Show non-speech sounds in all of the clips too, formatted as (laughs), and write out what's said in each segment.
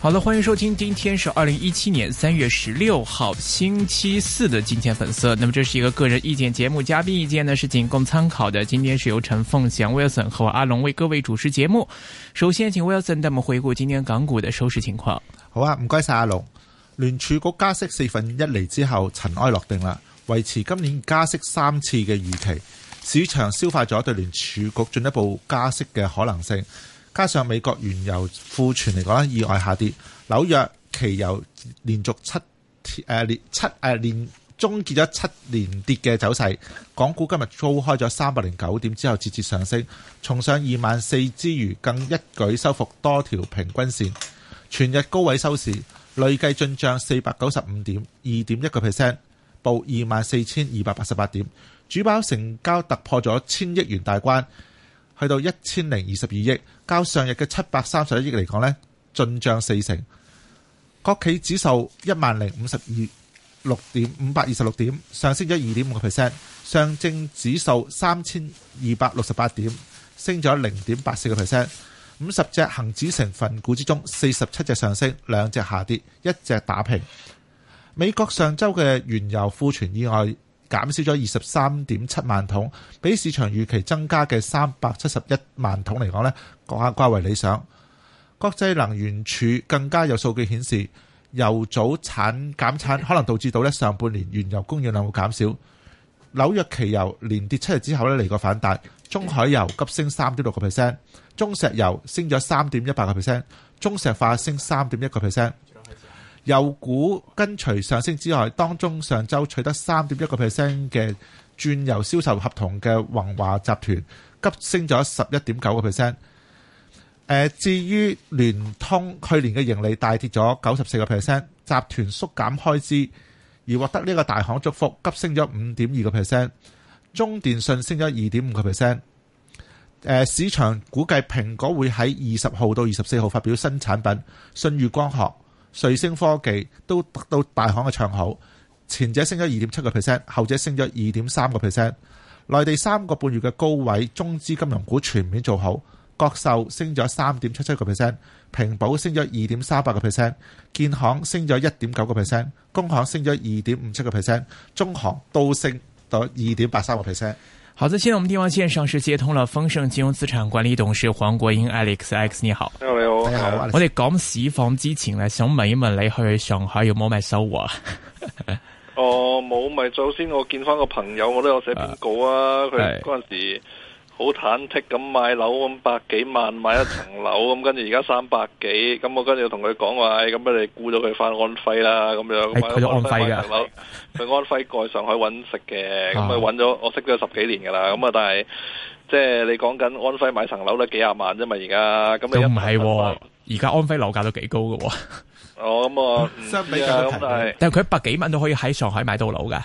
好的，歡迎收聽，今天是二零一七年三月十六號星期四的今天粉色。那麼這是一個個人意見節目，嘉賓意見呢是僅供參考的。今天是由陳鳳祥 Wilson 和阿龍為各位主持節目。首先，請 Wilson 帶我們回顧今天港股的收市情況。好啊，唔該晒阿龍。聯儲局加息四分一厘之後塵埃落定啦，維持今年加息三次嘅預期，市場消化咗對聯儲局進一步加息嘅可能性。加上美國原油庫存嚟講，意外下跌。紐約期油連續七誒、呃呃、連七誒連終結咗七連跌嘅走勢。港股今日高開咗三百零九點之後節節上升，重上二萬四之餘，更一舉收復多條平均線，全日高位收市，累計進賬四百九十五點二點一個 percent，報二萬四千二百八十八點，主板成交突破咗千億元大關。去到一千零二十二億，較上日嘅七百三十一億嚟講呢進賬四成。國企指數一萬零五十二六點五百二十六點，上升咗二點五個 percent。上證指數三千二百六十八點，升咗零點八四個 percent。五十隻恒指成分股之中，四十七隻上升，兩隻下跌，一隻打平。美國上周嘅原油庫存意外。減少咗二十三點七萬桶，比市場預期增加嘅三百七十一萬桶嚟講呢，個價較為理想。國際能源署更加有數據顯示，油早產減產可能導致到呢上半年原油供應量會減少。紐約期油連跌七日之後呢嚟個反彈，中海油急升三點六個 percent，中石油升咗三點一八個 percent，中石化升三點一個 percent。油股跟隨上升之外，當中上週取得三點一個 percent 嘅鑽油銷售合同嘅宏華集團急升咗十一點九個 percent。誒，至於聯通去年嘅盈利大跌咗九十四個 percent，集團縮減開支而獲得呢個大行祝福，急升咗五點二個 percent。中電信升咗二點五個 percent。誒，市場估計蘋果會喺二十號到二十四號發表新產品，信譽光學。瑞聲科技都得到大行嘅唱好，前者升咗二點七個 percent，後者升咗二點三個 percent。內地三個半月嘅高位，中資金融股全面做好，國壽升咗三點七七個 percent，平保升咗二點三八個 percent，建行升咗一點九個 percent，工行升咗二點五七個 percent，中行都升到二點八三個 percent。好，咁現在我們電話線上是接通了豐盛金融資產管理董事黃國英 Alex Alex，你好。你好，你、啊 (laughs) 哦、好。我哋講市況之前呢，想問一問你去上海有冇咩收穫？哦，冇，咪首先我見翻個朋友，我都有寫報告啊，佢嗰陣時。他是 是好忐忑咁買樓咁百幾萬買一層樓咁，跟住而家三百幾咁，我跟住同佢講話，咁你哋估咗佢返安徽啦咁樣。係去咗安徽噶，佢安徽過去上海搵食嘅咁佢搵咗我識咗十幾年噶啦。咁啊，但係即係你講緊安徽買層樓都幾廿萬啫嘛，而家咁又唔係。而家、啊、安徽樓價都幾高噶、啊。哦，咁啊,啊，相比價咁但係是佢百幾萬都可以喺上海買到樓噶。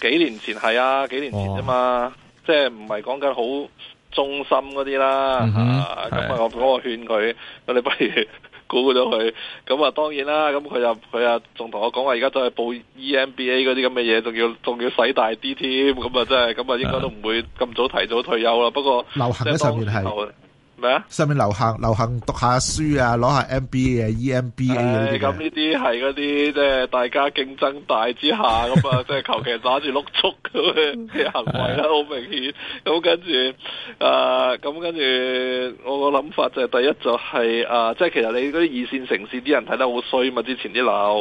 幾年前係啊，幾年前啫嘛、啊。即係唔係講緊好忠心嗰啲啦嚇，咁、嗯、哼啊的我講我勸佢，我哋不如鼓勵咗佢。咁啊當然啦，咁佢又佢又仲同我講話，而家再報 EMBA 嗰啲咁嘅嘢，仲要仲要使大啲添。咁啊真係，咁啊應該都唔會咁早提早退休啦。不過流行嘅係。咩啊？上面流行流行讀下書啊，攞下 MBA e、E MBA 嗰啲咁，呢啲係嗰啲即係大家競爭大之下咁啊，即係求其打住碌足咁嘅行為啦，好 (laughs) 明顯。咁跟住啊，咁跟住我個諗法就係第一就係啊，即係其實你嗰啲二線城市啲人睇得好衰嘛，之前啲樓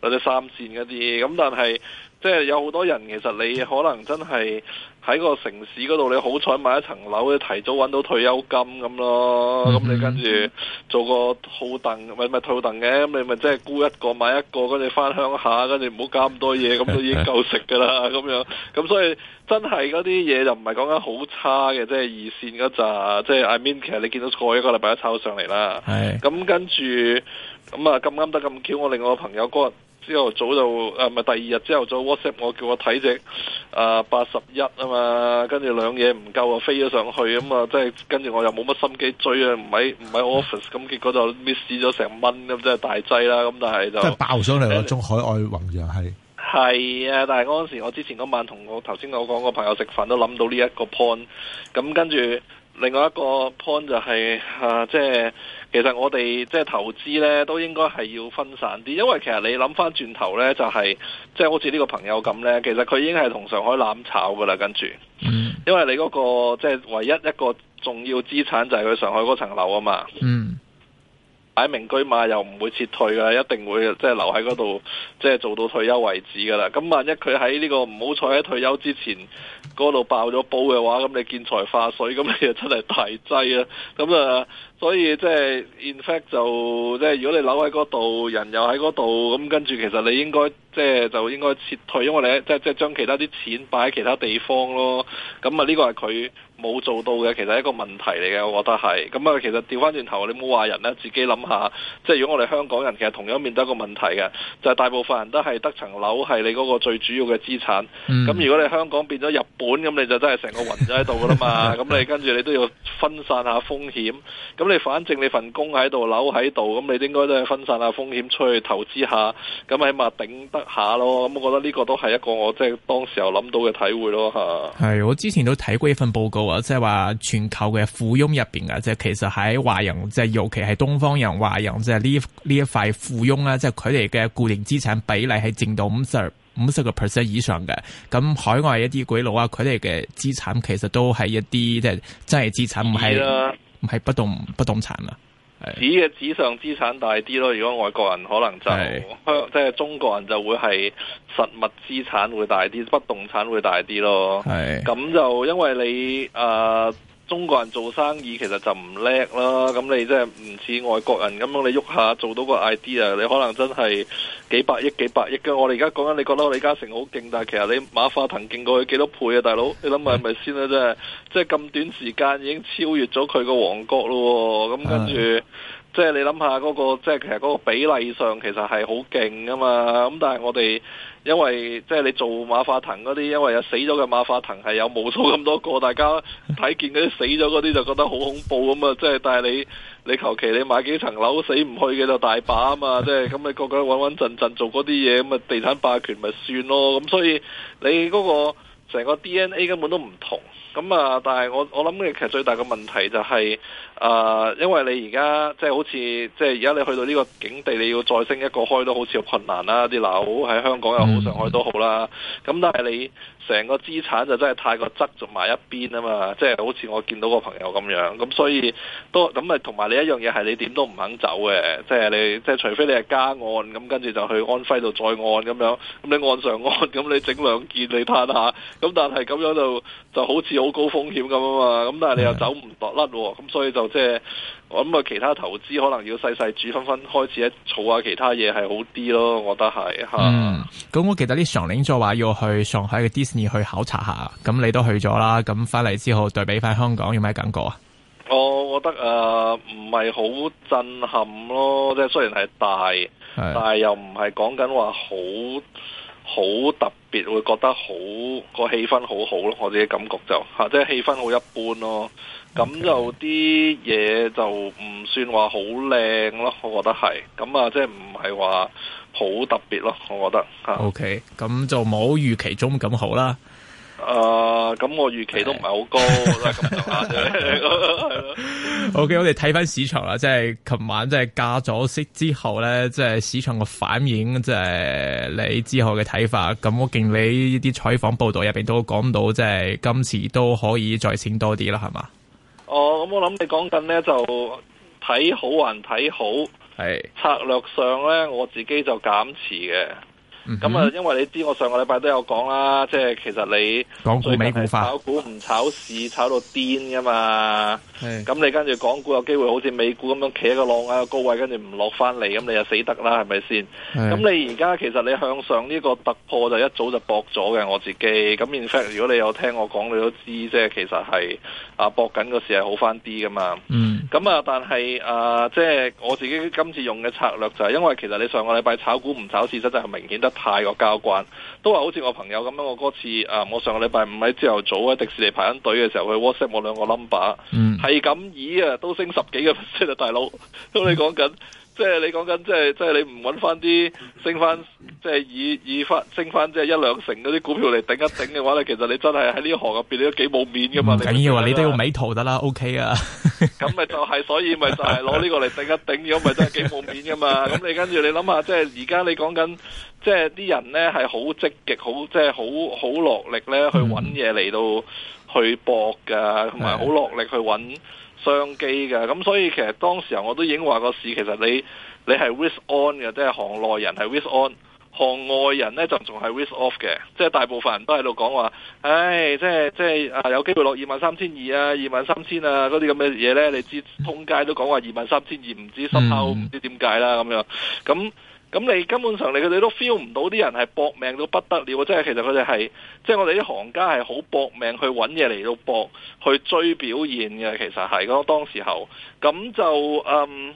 或者三線嗰啲，咁、嗯、但係。即係有好多人，其實你可能真係喺個城市嗰度，你好彩買一層樓，你提早揾到退休金咁咯。咁、mm hmm. 你跟住做個套凳，唔係套凳嘅，咁你咪即係沽一個買一個，跟住返鄉下，跟住唔好搞咁多嘢，咁都已經夠食噶啦。咁 (laughs) 樣咁所以真係嗰啲嘢就唔係講緊好差嘅，即係二線嗰陣，即係 I mean, 其實你見到過一個禮拜一炒上嚟啦。係咁 (laughs) (laughs) 跟住咁啊咁啱得咁巧，我另外個朋友日。之後早就誒，唔、啊、係第二日朝頭早 WhatsApp 我叫我睇隻誒八十一，呃、啊嘛，跟住兩嘢唔夠啊，飛咗上去咁嘛，即係跟住我又冇乜心機追啊，唔喺唔喺 Office，咁 (laughs) 結果就 miss 咗成蚊咁，即係大劑啦，咁但係就即係爆上嚟啦，中海外宏洋係係啊，但係嗰陣時我之前嗰晚同我頭先我講個朋友食飯都諗到呢一個 point，咁跟住。另外一個 point 就係啊，即係其實我哋即係投資呢，都應該係要分散啲，因為其實你諗翻轉頭呢，就係即係好似呢個朋友咁呢，其實佢已經係同上海攬炒噶啦，跟住，因為你嗰個即係唯一一個重要資產就係佢上海嗰層樓啊嘛。嗯。擺明車馬，又唔會撤退嘅，一定會即係留喺嗰度，即係做到退休為止噶啦。咁萬一佢喺呢個唔好彩喺退休之前嗰度爆咗煲嘅話，咁你見財化水，咁你就真係大劑喇。咁啊，所以即係 in fact 就即係如果你留喺嗰度，人又喺嗰度，咁跟住其實你應該即係就應該撤退，因為你即係即係將其他啲錢擺喺其他地方咯。咁啊，呢個係佢。冇做到嘅，其實係一個問題嚟嘅，我覺得係咁啊。其實調翻轉頭，你冇話人咧，自己諗下，即係如果我哋香港人其實同樣面對一個問題嘅，就係、是、大部分人都係得層樓係你嗰個最主要嘅資產。咁、嗯、如果你香港變咗日本，咁你就真係成個暈咗喺度噶啦嘛。咁 (laughs) 你跟住你都要分散下風險。咁你反正你份工喺度，樓喺度，咁你應該都係分散下風險出去投資下。咁起碼頂得下咯。咁我覺得呢個都係一個我即係當時候諗到嘅體會咯嚇。係，我之前都睇過一份報告即係話全球嘅富翁入邊啊，即係其實喺華人，即係尤其係東方人，華人即係呢呢一塊富翁啦，即係佢哋嘅固定資產比例係淨到五十五十個 percent 以上嘅。咁海外一啲鬼佬啊，佢哋嘅資產其實都係一啲即係真係資產，唔係唔係不動不動產啊。紙嘅紙上資產大啲咯，如果外國人可能就是的 即係中國人就會係實物資產會大啲，不動產會大啲咯。係咁是的 就因為你啊。呃中國人做生意其實就唔叻啦，咁你即係唔似外國人咁樣你喐下做到個 idea 你可能真係幾百億幾百億嘅。我哋而家講緊，你覺得李嘉誠好勁，但係其實你馬化騰勁過佢幾多倍啊，大佬？你諗下係咪先啦？即係即係咁短時間已經超越咗佢個王國咯，咁跟住。Uh huh. 即係你諗下嗰個，即係其實嗰個比例上其實係好勁噶嘛，咁但係我哋因為即係你做馬化騰嗰啲，因為有死咗嘅馬化騰係有無數咁多個，大家睇見嗰啲死咗嗰啲就覺得好恐怖咁嘛。即係但係你你求其你買幾層樓死唔去嘅就大把啊嘛，即係咁你個個穩穩陣陣做嗰啲嘢，咁啊地產霸權咪算咯，咁所以你嗰個成個 DNA 根本都唔同。咁啊、嗯，但係我我諗嘅其實最大嘅問題就係、是、啊、呃，因為你而家即係好似即係而家你去到呢個境地，你要再升一個開都好似有困難啦。啲樓喺香港又好，上海都好啦。咁但係你，成個資產就真係太過側咗埋一邊啊嘛，即係好似我見到個朋友咁樣，咁所以都咁咪同埋你一樣嘢係你點都唔肯走嘅，即係你即係除非你係加案，咁跟住就去安徽度再案咁樣，咁你案上案，咁你整兩件你攤下，咁但係咁樣就就好似好高風險咁啊嘛，咁但係你又走唔落甩喎，咁所以就即係。我咁啊，其他投資可能要細細煮分分開始一儲下其他嘢係好啲咯，我覺得係嚇。嗯，咁我記得啲常領再話要去上海嘅 Disney 去考察下，咁你都去咗啦。咁翻嚟之後對比翻香港有咩感覺啊？我覺得誒唔係好震撼咯，即係雖然係大，是的 但係又唔係講緊話好。好特別會覺得好、好個氣氛好好咯，我自己感覺就嚇、啊，即係氣氛好一般咯。咁、啊、就啲嘢就唔算話好靚咯，我覺得係。咁啊，即係唔係話好特別咯，我覺得。啊、OK，咁就冇預期中咁好啦。誒，咁、uh, 我預期都唔係好高， (laughs) 我都係咁上下啫。O K，我哋睇翻市場啦，即係琴晚即係加咗息,息之後咧，即、就、係、是、市場嘅反應，即係你之後嘅睇法。咁我見你呢啲採訪報道入邊都講到，即、就、係、是、今次都可以再升多啲啦，係嘛？哦、uh,，咁我諗你講緊咧就睇好還睇好，係 (laughs) 是策略上咧，我自己就減持嘅。咁啊，嗯、因為你知我上個禮拜都有講啦，即係其實你講最尾唔炒股唔炒市，炒到癲噶嘛。咁你跟住港股有機會好似美股咁樣企喺個浪啊，個高位跟住唔落翻嚟，咁你就死得啦，係咪先？咁的你而家其實你向上呢個突破就一早就搏咗嘅，我自己。咁 in fact，如果你有聽我講，你都知即係其實係啊搏緊個市係好翻啲噶嘛。咁啊、嗯，但係啊，即係我自己今次用嘅策略就係、是，因為其實你上個禮拜炒股唔炒市，真真係明顯得太過交關。都話好似我朋友咁樣，我嗰次啊，我上個禮拜五喺朝頭早喺迪士尼排緊隊嘅時候，佢 WhatsApp 我兩個 number，、嗯係咁以啊，都升十幾個 percent 啊，大佬。咁你講緊，即係你講緊，即係即係你唔搵翻啲升翻，即係以以翻升翻，即係一兩成嗰啲股票嚟頂一頂嘅話咧，其實你真係喺呢行入邊你都幾冇面噶嘛。管你緊要啊，你都要美圖得啦，OK 啊。咁咪就係，所以咪就係攞呢個嚟頂一頂，咁咪真係幾冇面噶嘛。咁你跟住你諗下，即係而家你講緊，即係啲人咧係好積極，好即係好好落力咧去搵嘢嚟到。 (laughs) 去搏噶，同埋好落力去揾商機嘅，咁所以其實當時候我都已經話個市其實你你係 risk on 嘅，即係行內人係 risk on，行外人呢就仲係 risk off 嘅，即係大部分人都喺度講話，唉、哎，即係即係啊有機會落二萬三千二啊，二萬三千啊，嗰啲咁嘅嘢呢，你知通街都講話二萬三千二，唔知收唔收，唔知點解啦咁樣，咁。咁你根本上你佢哋都 feel 唔到啲人係搏命到不得了，即係其實佢哋係，即係我哋啲行家係好搏命去揾嘢嚟到搏，去追表現嘅其實係，當時候咁就嗯，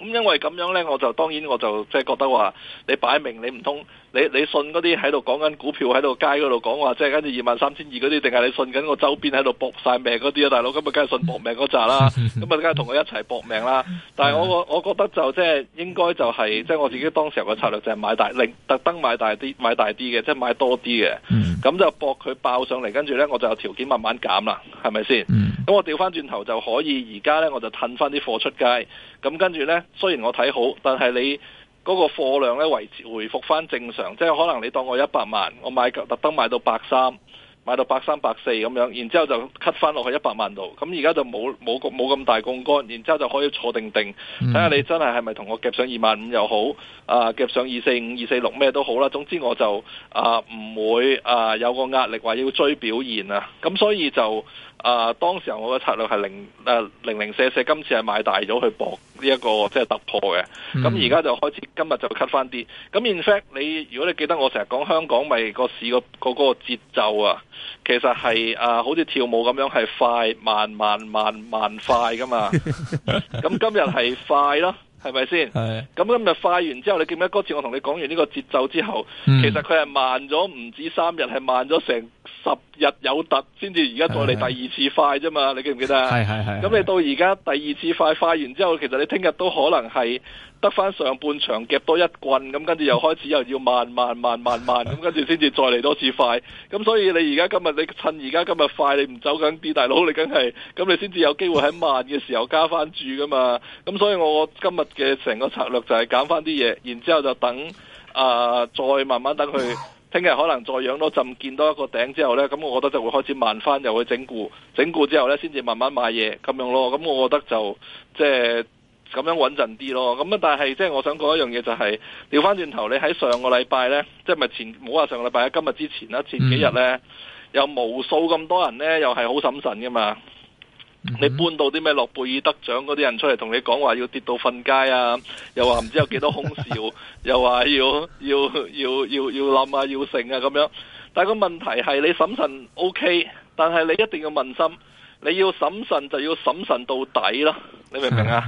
咁因為咁樣咧，我就當然我就即係覺得話，你擺明你唔通。你你信嗰啲喺度講緊股票喺度街嗰度講話，即係跟住二萬三千二嗰啲，定係你信緊個周邊喺度搏晒命嗰啲啊？大佬咁啊，梗係信搏命嗰扎啦，咁啊梗係同佢一齊搏命啦。但係我我覺得就即係應該就係即係我自己當時個策略就係買大，另特登買大啲，買大啲嘅，即係買多啲嘅。咁 (laughs) 就搏佢爆上嚟，跟住呢，我就有條件慢慢減啦，係咪先？咁 (laughs) 我調翻轉頭就可以，而家呢，我就褪翻啲貨出街。咁跟住呢，雖然我睇好，但係你。嗰個貨量咧維持回復翻正常，即係可能你當我一百萬，我買特登買到百三，買到百三百四咁樣，然之後就 cut 翻落去一百萬度，咁而家就冇冇冇咁大槓桿，然之後就可以坐定定，睇下你真係係咪同我夾上二萬五又好，啊夾上二四五、二四六咩都好啦，總之我就啊唔會啊有個壓力話要追表現啊，咁所以就啊當時候我嘅策略係零誒、啊、零零四四，今次係買大咗去搏。呢一、這個即係突破嘅，咁而家就開始，今日就 cut 翻啲。咁 in fact，你如果你記得我成日講香港，咪個市個個嗰個節奏啊，其實係啊，好似跳舞咁樣，係快慢慢慢慢快㗎嘛。咁 (laughs) 今日係快咯，係咪先？係是。咁今日快完之後，你記唔記得嗰次我同你講完呢個節奏之後，嗯、其實佢係慢咗唔止三日，係慢咗成。十日有特，先至，而家再嚟第二次快啫嘛？ (laughs) 你記唔記得啊？係係係。咁你到而家第二次快快完之後，其實你聽日都可能係得翻上半場夾多一棍，咁跟住又開始又要慢慢慢慢慢，咁跟住先至再嚟多次快。咁所以你而家今日你趁而家今日快，你唔走緊啲大佬，你梗係咁，你先至有機會喺慢嘅時候加翻注㗎嘛。咁所以我今日嘅成個策略就係減翻啲嘢，然之後就等啊、呃、再慢慢等佢。 (laughs) 聽日可能再養多浸見多一個頂之後呢，咁我覺得就會開始慢翻，又會整固，整固之後呢，先至慢慢買嘢咁樣咯。咁我覺得就即係咁樣穩陣啲咯。咁啊，但係即係我想講一樣嘢就係、是，調翻轉頭，你喺上個禮拜呢，即係咪前冇話上個禮拜喺今日之前啦，前幾日呢，有、嗯、無數咁多人呢？又係好審慎嘅嘛。你搬到啲咩諾貝爾得獎嗰啲人出嚟同你講話要跌到瞓街啊，又話唔知有幾多空笑，又話要要要要要冧啊，要成啊咁樣。但係個問題係你審慎 OK，但係你一定要問心，你要審慎就要審慎到底咯，你明唔明啊？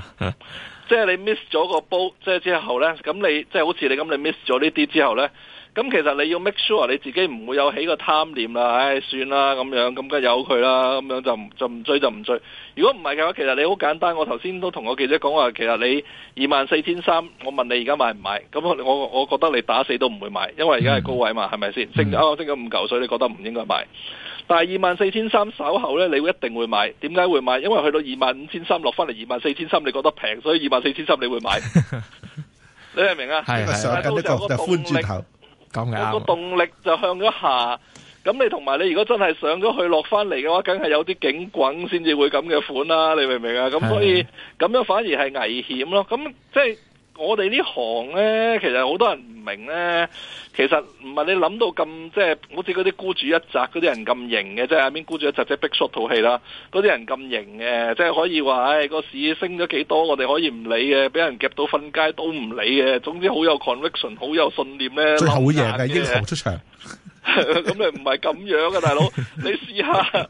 即係 (laughs) 你 miss 咗個煲，即係之後呢，咁你即係好似你咁，你 miss 咗呢啲之後呢。咁其實你要 make sure 你自己唔會有起個貪念啦，唉、哎，算啦咁樣，咁梗有佢啦，咁樣就就唔追就唔追。如果唔係嘅話，其實你好簡單。我頭先都同我記者講話，其實你二萬四千三，我問你而家買唔買？咁我我覺得你打死都唔會買，因為而家係高位嘛，係咪先升咗升咗五嚿水，所以你覺得唔應該買。但係二萬四千三稍後呢你會一定會買。點解會買？因為去到二萬五千三落翻嚟二萬四千三，24，你覺得平，所以二萬四千三你會買。 (laughs) 你明唔明啊？係係、 (laughs) 這個，上緊一個寬字頭嗯、個動力就向咗下，咁你同埋你如果真係上咗去落翻嚟嘅話，梗係有啲警棍先至會咁嘅款啦、啊，你明唔明啊？咁所以咁是樣反而係危險咯，咁即係。我哋呢行呢，其實好多人唔明呢。其實唔係你諗到咁，即係好似嗰啲孤注一擲嗰啲人咁型嘅，即係下邊孤注一擲即係 Big Short 套戲啦。嗰啲人咁型嘅，即係可以話，誒、哎、個市升咗幾多，我哋可以唔理嘅，俾人夾到瞓街都唔理嘅。總之好有 conviction，好有信念咧，最後會贏嘅英雄出場。咁你唔係咁樣啊，大佬， (laughs) (laughs) 你試下。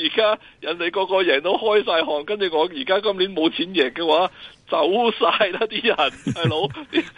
而家人哋個個贏都開晒汗，跟住我而家今年冇錢贏嘅話，走晒啦啲人，係佬，啲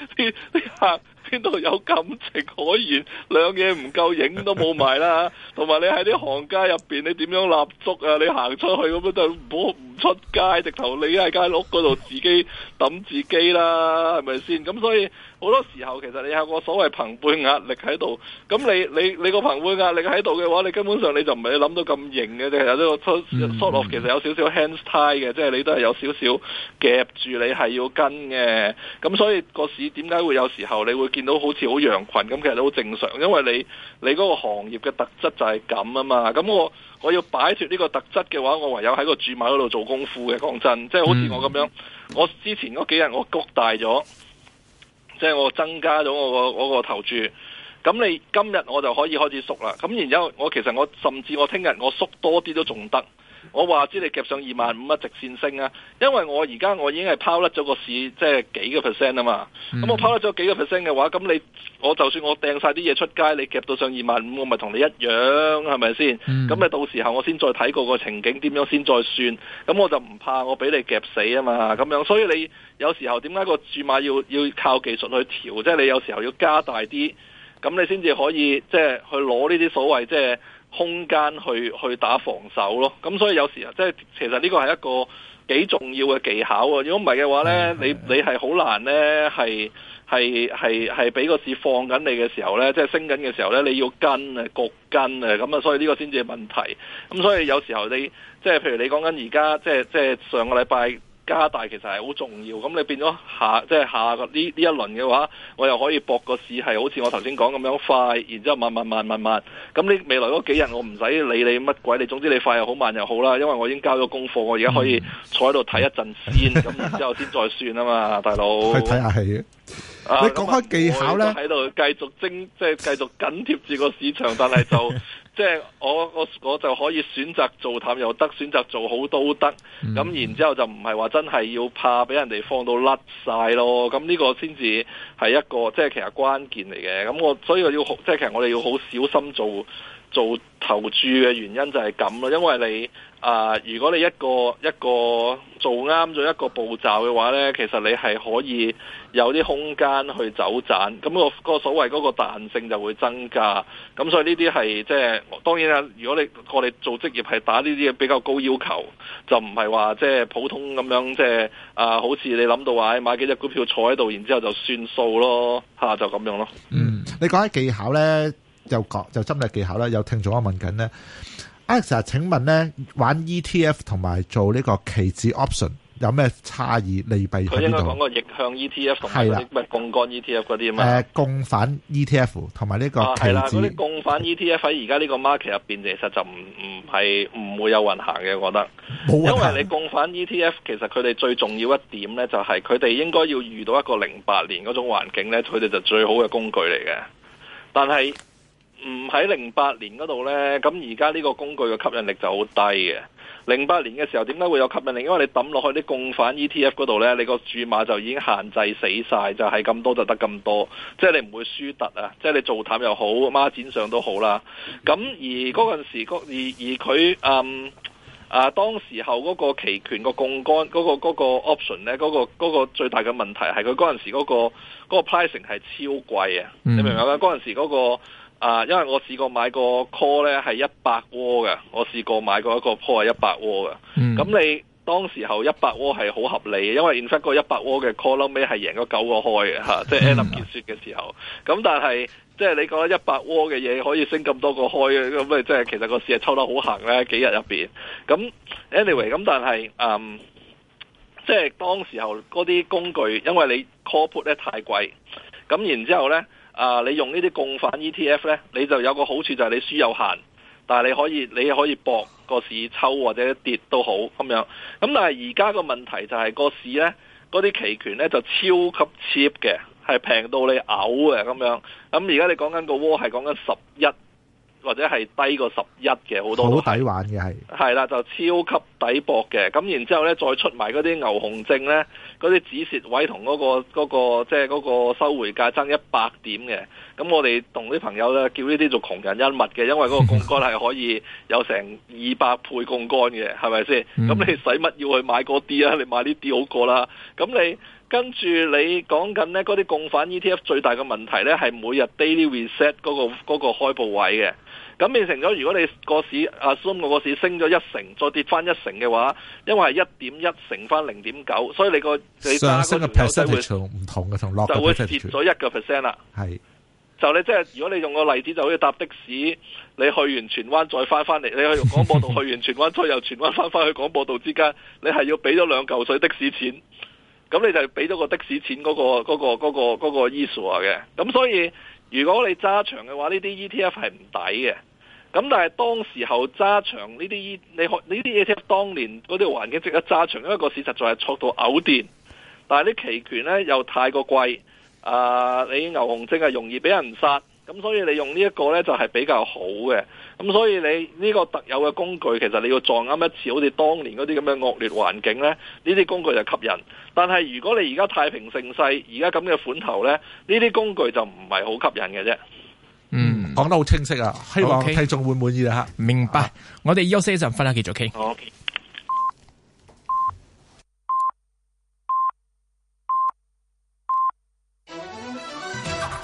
啲邊度有感情可言？兩嘢唔夠影都冇埋啦，同埋你喺啲行家入邊，你點樣立足啊？你行出去咁樣就唔好唔出街，直頭你喺街屋嗰度自己揼自己啦，係咪先？咁所以。好多時候其實你有個所謂朋輩壓力喺度，咁你你你個朋輩壓力喺度嘅話，你根本上你就唔係你諗到咁型嘅，其實呢個 sort of 其實有少少 hands tie 嘅，即係你都係有少少夾住你係要跟嘅。咁所以個市點解會有時候你會見到好似好羊群咁，其實都好正常，因為你你嗰個行業嘅特質就係咁啊嘛。咁我我要擺脫呢個特質嘅話，我唯有喺個注碼嗰度做功夫嘅。講真，即係好似我咁樣，嗯、我之前嗰幾日我谷大咗。即係我增加咗我個嗰個投注，咁你今日我就可以開始縮啦。咁然之後，我其實我甚至我聽日我縮多啲都仲得。我話知你夾上二萬五啊，直線升啊！因為我而家我已經係拋甩咗個市，即係幾個 percent 啊嘛。咁、嗯、我拋甩咗幾個 percent 嘅話，咁你我就算我掟晒啲嘢出街，你夾到上二萬五，我咪同你一樣，係咪先？咁、嗯、你到時候我先再睇過個情景，點樣先再算。咁我就唔怕我俾你夾死啊嘛。咁樣，所以你有時候點解個注碼要要靠技術去調？即係你有時候要加大啲，咁你先至可以即係去攞呢啲所謂即係。空間去去打防守咯，咁所以有時啊，即係其實呢個係一個幾重要嘅技巧啊！如果唔係嘅話呢，你你係好難呢，係係係係俾個市放緊你嘅時候呢，即係升緊嘅時候呢，你要跟啊，焗跟啊，咁啊，所以呢個先至係問題。咁所以有時候你即係譬如你講緊而家，即係即係上個禮拜。加大其實係好重要，咁你變咗下，即係下個呢呢一輪嘅話，我又可以博個市係好似我頭先講咁樣快，然之後慢慢慢慢慢，咁你未來嗰幾日我唔使理你乜鬼，你總之你快又好慢又好啦，因為我已經交咗功課，我而家可以坐喺度睇一陣先，咁 (laughs) 然之後先再，再算啊嘛，大佬。去睇下係嘅。你講下技巧咧，喺度繼續精，即係繼續緊貼住個市場，但係就。 (laughs) 即係我我我就可以選擇做淡又得，選擇做好都得。咁然之後就唔係話真係要怕俾人哋放到甩晒咯。咁呢個先至係一個，即係其實關鍵嚟嘅。咁我所以我要好，即係其實我哋要好小心做。做投注嘅原因就係咁咯，因為你啊、呃，如果你一個一個做啱咗一個步驟嘅話呢，其實你係可以有啲空間去走盞，咁、那個個所謂嗰個彈性就會增加。咁所以呢啲係即係，當然啦，如果你我哋做職業係打呢啲嘢，比較高要求，就唔係話即係普通咁樣，即係啊、呃，好似你諗到話買幾隻股票坐喺度，然之後就算數咯，吓就咁樣咯。嗯，你講下技巧呢。就講就針力技巧啦，有聽眾我問緊咧，Alex，請問咧玩 ETF 同埋做呢個期指 option 有咩差異利弊？佢應該講個逆向 ETF 同埋槓桿 ETF 嗰啲啊。誒、呃，槓反 ETF 同埋呢個期指。係啦，嗰啲、啊、槓反 ETF 喺而家呢個 market 入邊，其實就唔唔係唔會有運行嘅，我覺得。冇運行。因為你槓反 ETF 其實佢哋最重要一點咧，就係佢哋應該要遇到一個零八年嗰種環境咧，佢哋就最好嘅工具嚟嘅，但係。唔喺零八年嗰度呢，咁而家呢個工具嘅吸引力就好低嘅。零八年嘅時候，點解會有吸引力？因為你抌落去啲槓反 ETF 嗰度呢，你個注碼就已經限制死晒，就係、是、咁多就得咁多，即係你唔會輸突啊！即係你做淡又好，孖展上都好啦。咁而嗰陣時，而而佢嗯啊，當時候嗰個期權、那個槓桿嗰個嗰個 option 呢，嗰、那個、那個最大嘅問題係佢嗰陣時嗰、那個、那個 pricing 係超貴啊！嗯、你明唔明啊？嗰陣時嗰、那個啊，uh, 因為我試過買個 call 咧係一百蝸嘅，我試過買過一個 call 係一百蝸嘅。咁、嗯、你當時候一百蝸係好合理嘅，因為認出個一百蝸嘅 call 撈尾係贏咗九個開嘅嚇，即係 end 結算嘅時候。咁但係即係你覺得一百蝸嘅嘢可以升咁多個開，咁咪即係其實個市係抽得好行咧，幾日入邊。咁 anyway，咁但係嗯，即、anyway, 係、嗯即係、當時候嗰啲工具，因為你 call put 咧太貴，咁然之後咧。啊！你用呢啲共反 ETF 呢，你就有個好處就係你輸有限，但係你可以你可以搏個市抽或者跌都好咁樣。咁但係而家個問題就係個市呢，嗰啲期權呢，就超級 cheap 嘅，係平到你嘔嘅咁樣。咁而家你講緊個窩係講緊十一。或者係低過十一嘅好多都，好抵玩嘅係係啦，就超級抵博嘅。咁然之後咧，再出埋嗰啲牛熊證咧，嗰啲止蝕位同嗰、嗰個、嗰個嗰個、即係嗰個收回價爭一百點嘅。咁我哋同啲朋友咧叫呢啲做窮人一物嘅，因為嗰個槓桿係可以有成二百倍槓桿嘅，係咪先？咁你使乜要去買嗰啲啊？你買呢啲好過啦。咁你跟住你講緊咧，嗰啲槓反 ETF 最大嘅問題咧係每日 daily reset 嗰、嗰個嗰、嗰個嗰個、開部位嘅。咁變成咗，如果你個市啊，assume 嗰個市升咗一成，再跌翻一成嘅話，因為係一點一乘翻零點九，所以你個你揸嗰個會唔同嘅，同落就會跌咗一個 percent 啦。係的就你即係，如果你用個例子就好似搭的士，你去完荃灣再翻翻嚟，你去廣播道去完荃灣再由荃灣翻翻去， (laughs) 去廣播道之間，你係要俾咗兩嚿水的士錢。咁你就係俾咗個的士錢嗰、那個嗰、那個嗰、那個嗰 issue 嘅。咁、那個那個那個、所以，如果你揸長嘅話，呢啲 ETF 係唔抵嘅。咁但係當時候揸長呢啲，你學呢啲 ETF 當年嗰啲環境值得揸長，因為個事實就係錯到嘔電。但係啲期權呢又太過貴，啊、呃，你牛熊證啊容易俾人殺，咁所以你用呢一個呢就係、是、比較好嘅。咁所以你呢個特有嘅工具，其實你要撞啱一次，好似當年嗰啲咁嘅惡劣環境呢，呢啲工具就吸引。但係如果你而家太平盛世，而家咁嘅款頭呢，呢啲工具就唔係好吸引嘅啫。講得好清晰啊，Okay. 希望聽眾會滿意啊！明白，啊、我哋休息一陣，翻嚟繼續傾。Okay.